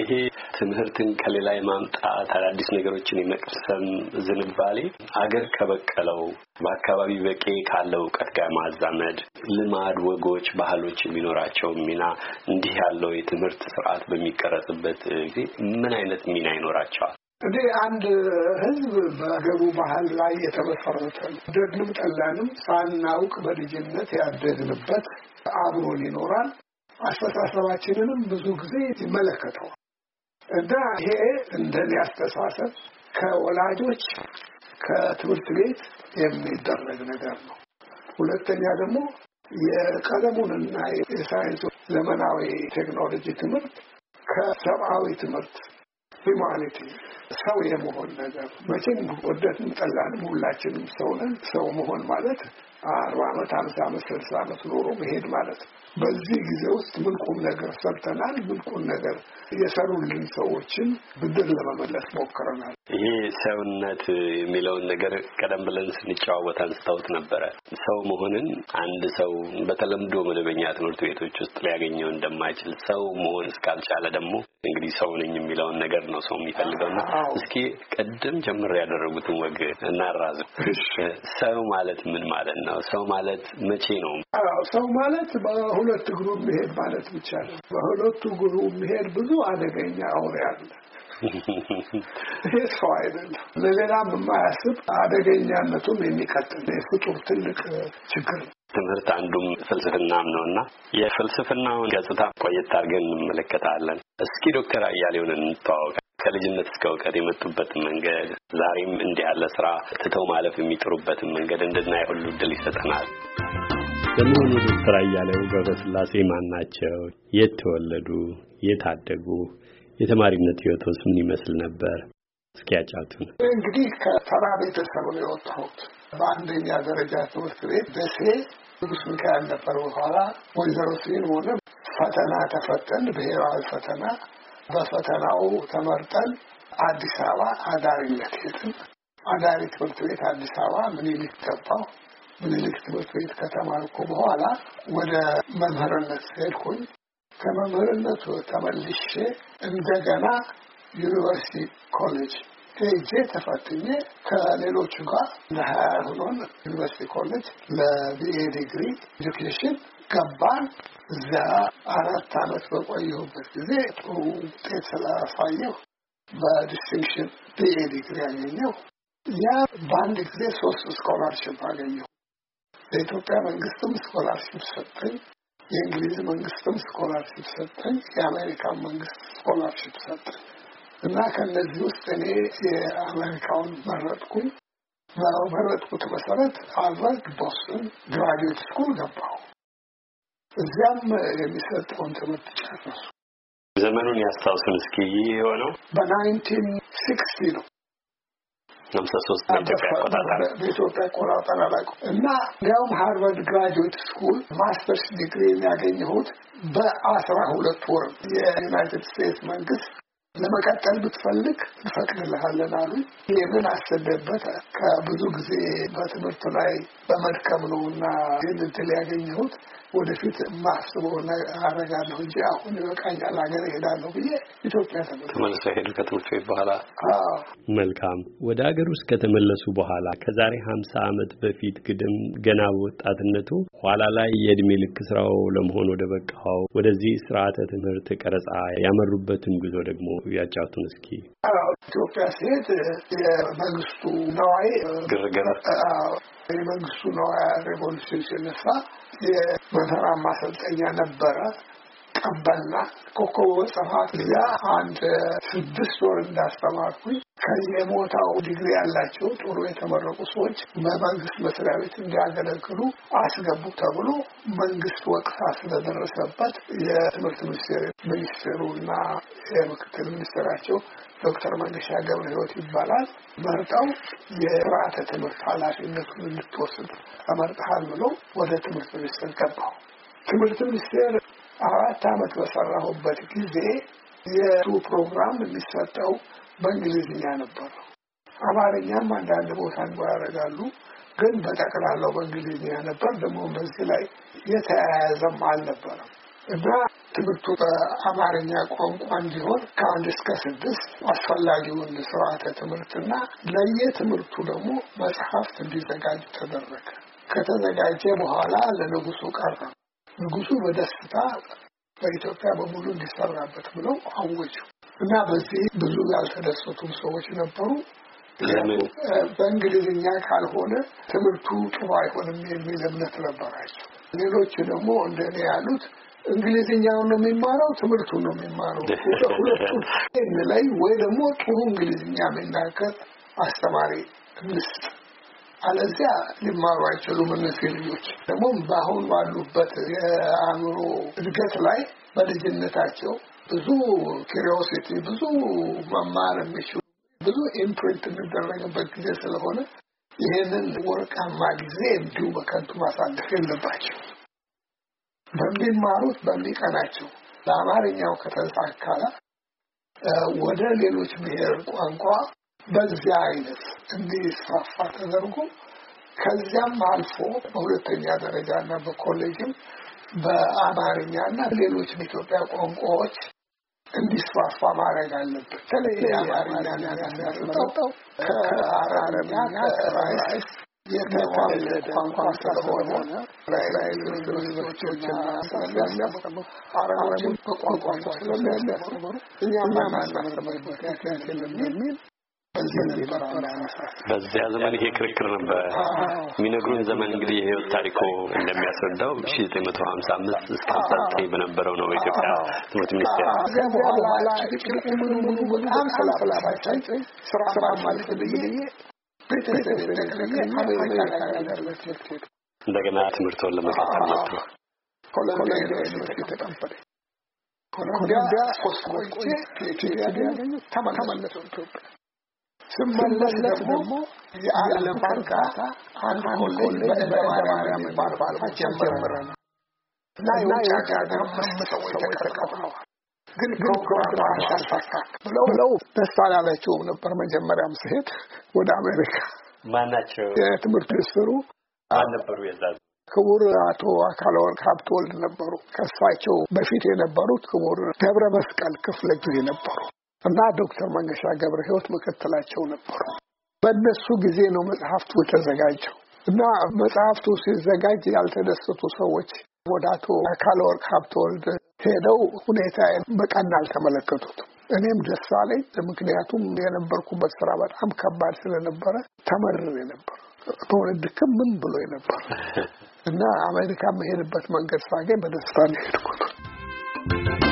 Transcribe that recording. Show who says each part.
Speaker 1: ይሄ ትምህርትን ከሌላ የማምጣት አዳዲስ ነገሮችን የመቅሰም ዝንባሌ አገር ከበቀለው በአካባቢ በቄ ካለው እውቀት ጋር ማዛመድ ልማድ፣ ወጎች፣ ባህሎች የሚኖራቸው ሚና እንዲህ ያለው የትምህርት ስርዓት በሚቀረጽበት ጊዜ ምን አይነት ሚና ይኖራቸዋል?
Speaker 2: እንዲህ አንድ ህዝብ በገቡ ባህል ላይ የተመሰረተ ደግም ጠላንም ሳናውቅ በልጅነት ያደግንበት አብሮን ይኖራል። አስተሳሰባችንንም ብዙ ጊዜ ይመለከተዋል። እና ይሄ እንደዚህ አስተሳሰብ ከወላጆች ከትምህርት ቤት የሚደረግ ነገር ነው። ሁለተኛ ደግሞ እና የሳይንሱ ዘመናዊ ቴክኖሎጂ ትምህርት ከሰብአዊ ትምህርት ሂማኒቲ ሰው የመሆን ነገር መቼም ወደድንም ጠላንም ሁላችንም ሰው ነን። ሰው መሆን ማለት አርባ ዓመት አምሳ ዓመት ስልሳ ዓመት ኖሮ መሄድ ማለት ነው። በዚህ ጊዜ ውስጥ ምን ቁም ነገር ሰርተናል? ምን ቁም ነገር የሰሩልን ሰዎችን ብድር ለመመለስ ሞክረናል?
Speaker 1: ይሄ ሰውነት የሚለውን ነገር ቀደም ብለን ስንጨዋወት አንስታውት ነበረ። ሰው መሆንን አንድ ሰው በተለምዶ መደበኛ ትምህርት ቤቶች ውስጥ ሊያገኘው እንደማይችል ሰው መሆን እስካልቻለ ደግሞ እንግዲህ ሰው ነኝ የሚለውን ነገር ነው ሰው የሚፈልገውና እስኪ ቅድም ጀምር ያደረጉትን ወግ እናራዘው። ሰው ማለት ምን ማለት ነው? ነው? ሰው ማለት መቼ ነው?
Speaker 2: አዎ ሰው ማለት በሁለት እግሩ መሄድ ማለት ብቻ ነው። በሁለቱ እግሩ መሄድ ብዙ አደገኛ አውሬ አለ። ይሄ ሰው አይደለም። ለሌላም የማያስብ አደገኛነቱም የሚቀጥል የፍጡር ትልቅ ችግር
Speaker 1: ነው። ትምህርት አንዱም ፍልስፍናም ነው እና የፍልስፍናውን ገጽታ ቆየት አድርገን እንመለከታለን። እስኪ ዶክተር አያሌውን እንተዋወቅ። ከልጅነት እስከ እውቀት የመጡበትን መንገድ ዛሬም እንዲህ ያለ ስራ ትተው ማለፍ የሚጥሩበትን መንገድ እንድናይ ሁሉ እድል ይሰጠናል። ለመሆኑ ዶክተር አያሌው ገብረስላሴ ማን ናቸው? የት ተወለዱ? የት አደጉ? የተማሪነት ህይወቶስ ምን ይመስል ነበር? እስኪ ያጫውቱን።
Speaker 2: እንግዲህ ከተራ ቤተሰብ ነው የወጣሁት። በአንደኛ ደረጃ ትምህርት ቤት ደሴ ንጉስ ሚካኤል ነበር። በኋላ ወይዘሮ ሲን ሆነ ፈተና ተፈተን፣ ብሔራዊ ፈተና በፈተናው ተመርጠን አዲስ አበባ አዳሪነት ሄድን። አዳሪ ትምህርት ቤት አዲስ አበባ ምኒልክ ገባሁ። ምኒልክ ትምህርት ቤት ከተማርኩ በኋላ ወደ መምህርነት ሄድኩኝ። ከመምህርነቱ ተመልሼ እንደገና ዩኒቨርሲቲ ኮሌጅ ሄጄ ተፈትኜ ከሌሎቹ ጋር ለሀያ ሆኖን ዩኒቨርሲቲ ኮሌጅ ለቢኤ ዲግሪ ኤዱኬሽን ገባን። እዛ አራት አመት በቆየሁበት ጊዜ ውጤት ስላሳየሁ በዲስቲንክሽን ቢኤ ዲግሪ ያገኘሁ። ያ በአንድ ጊዜ ሶስት ስኮላርሽፕ አገኘሁ። በኢትዮጵያ መንግስትም ስኮላርሽፕ ሰጠኝ። የእንግሊዝ መንግስትም ስኮላርሽፕ ሰጠኝ። የአሜሪካን መንግስት ስኮላርሽፕ ሰጠኝ እና ከእነዚህ ውስጥ እኔ የአሜሪካውን መረጥኩኝ። በመረጥኩት መሰረት ሃርቫርድ ቦስተን ግራጁዌት ስኩል ገባሁ። እዚያም የሚሰጠውን ትምህርት ጨረሱ።
Speaker 1: ዘመኑን ያስታውሱን እስኪ። ይህ የሆነው
Speaker 2: በናይንቲን ሲክስቲ ነው
Speaker 1: ሀምሳ ሶስት በኢትዮጵያ አቆጣጠር
Speaker 2: አላውቅም። እና እንዲያውም ሃርቨርድ ግራጁዌት ስኩል ማስተርስ ዲግሪ የሚያገኘሁት በአስራ ሁለት ወር የዩናይትድ ስቴትስ መንግስት ለመቀጠል ብትፈልግ እንፈቅድልሃለን አሉ። ይህንን አሰደበት ከብዙ ጊዜ በትምህርት ላይ በመድከም ነው እና ይህን እድል ያገኘሁት ወደፊት የማስበውን አደርጋለሁ እንጂ አሁን ይበቃኛል ሀገር እሄዳለሁ ብዬ ኢትዮጵያ ተመልሶ
Speaker 1: ሄዱ። ከትምህርት ቤት በኋላ መልካም ወደ ሀገር ውስጥ ከተመለሱ በኋላ ከዛሬ ሀምሳ አመት በፊት ግድም ገና በወጣትነቱ ኋላ ላይ የእድሜ ልክ ስራው ለመሆን ወደ በቃው ወደዚህ ስርዓተ ትምህርት ቀረጻ ያመሩበትን ጉዞ ደግሞ ያጫቱን እስኪ።
Speaker 2: ኢትዮጵያ ሴት የመንግስቱ ነዋይ ግርግር የመንግስቱ ነዋያ ሬቮሉሽን ሲነሳ የመተራ ማሰልጠኛ ነበረ። ቀበልና ኮከብ በጸፋት ያ አንድ ስድስት ወር እንዳስተማርኩኝ ከየቦታው ዲግሪ ያላቸው ጥሩ የተመረቁ ሰዎች በመንግስት መስሪያ ቤት እንዲያገለግሉ አስገቡ ተብሎ መንግስት ወቅሳ ስለደረሰበት የትምህርት ሚኒስቴር ሚኒስቴሩና የምክትል ሚኒስትራቸው ዶክተር መንገሻ ገብረ ህይወት ይባላል መርጠው የስርዓተ ትምህርት ኃላፊነቱን እንድትወስድ ተመርጠሃል ብሎ ወደ ትምህርት ሚኒስቴር ገባው። ትምህርት ሚኒስቴር አራት ዓመት በሰራሁበት ጊዜ የቱ ፕሮግራም የሚሰጠው በእንግሊዝኛ ነበር። አማርኛም አንዳንድ ቦታ እንጓ ያደርጋሉ። ግን በጠቅላላው በእንግሊዝኛ ነበር። ደግሞ በዚህ ላይ የተያያዘም አልነበረም እና ትምህርቱ በአማርኛ ቋንቋ እንዲሆን ከአንድ እስከ ስድስት አስፈላጊውን ስርዓተ ትምህርትና ለየትምህርቱ ደግሞ መጽሐፍት እንዲዘጋጅ ተደረገ። ከተዘጋጀ በኋላ ለንጉሱ ቀረበ። ንጉሱ በደስታ በኢትዮጵያ በሙሉ እንዲሰራበት ብለው አወጁ እና በዚህ ብዙ ያልተደሰቱም ሰዎች ነበሩ። በእንግሊዝኛ ካልሆነ ትምህርቱ ጥሩ አይሆንም የሚል እምነት ነበራቸው። ሌሎቹ ደግሞ እንደኔ ያሉት እንግሊዝኛውን ነው የሚማረው፣ ትምህርቱን ነው የሚማረው። ሁለቱም ላይ ወይ ደግሞ ጥሩ እንግሊዝኛ የሚናገር አስተማሪ ምስጥ አለዚያ ሊማሩ አይችሉም። እነዚህ ልጆች ደግሞ በአሁን ባሉበት የአእምሮ እድገት ላይ በልጅነታቸው ብዙ ኪሪዮሲቲ ብዙ መማር የሚችሉ ብዙ ኢምፕሪንት የሚደረግበት ጊዜ ስለሆነ ይህንን ወርቃማ ጊዜ እንዲሁ በከንቱ ማሳደፍ የለባቸው። በሚማሩት በሚቀናቸው ለአማርኛው ከተሳካላ ወደ ሌሎች ብሔር ቋንቋ በዚያ አይነት እንዲስፋፋ ተደርጎ ከዚያም አልፎ በሁለተኛ ደረጃና በኮሌጅም በአማርኛና ሌሎች ኢትዮጵያ ቋንቋዎች እንዲስፋፋ ማድረግ አለበት። ተለይ ከአረብኛ የተዋለደ ቋንቋ ስለሆነ ላይ ልጆችና ስለሚያስቀሙ አረቦችን ምክንያት የለም የሚል
Speaker 1: በዚያ ዘመን ይሄ ክርክር ነበር የሚነግሩን። ዘመን እንግዲህ የህይወት ታሪኮ እንደሚያስረዳው 1955 እስከ 59 በነበረው ነው በኢትዮጵያ ትምህርት ሚኒስቴር። ከዚያ በኋላ
Speaker 2: ችግር ሙሉ ማለት ብዬ ቤተሰብ ተቀየ አሜሪካ ያደረገ ትምህርት ቤት
Speaker 1: እንደገና ትምህርቱን ለመቀጠል መጥቶ
Speaker 2: ኮሎምቢያ ሶስት ቆይቼ ፒኤችዲ ያገኘ ኢትዮጵያ
Speaker 1: ስመለስ ደግሞ የዓለም
Speaker 2: አንድ ኮሌጅ እና የውጭ ሀገር አምስት ሰዎች ግን ፕሮግራም ብለው ነበር። መጀመሪያም ስሄድ ወደ አሜሪካ
Speaker 1: ማናቸው የትምህርት ሚኒስትሩ አልነበሩ የዛ
Speaker 2: ክቡር አቶ አካለ ወርቅ ሀብተወልድ ነበሩ። ከእሳቸው በፊት የነበሩት ክቡር ገብረ መስቀል ክፍለ ጊዜ ነበሩ። እና ዶክተር መንገሻ ገብረ ህይወት መከተላቸው ነበሩ። በእነሱ ጊዜ ነው መጽሐፍቱ የተዘጋጀው እና መጽሐፍቱ ሲዘጋጅ ያልተደሰቱ ሰዎች ወደ አቶ አካለወርቅ ሀብተወልድ ሄደው ሁኔታ በቀና አልተመለከቱትም። እኔም ደስ አለኝ። ምክንያቱም የነበርኩበት ስራ በጣም ከባድ ስለነበረ ተመርር ነበር። በሆነ ድክም ምን ብሎ ነበር እና አሜሪካ መሄድበት መንገድ ሳገኝ በደስታ ነው የሄድኩት።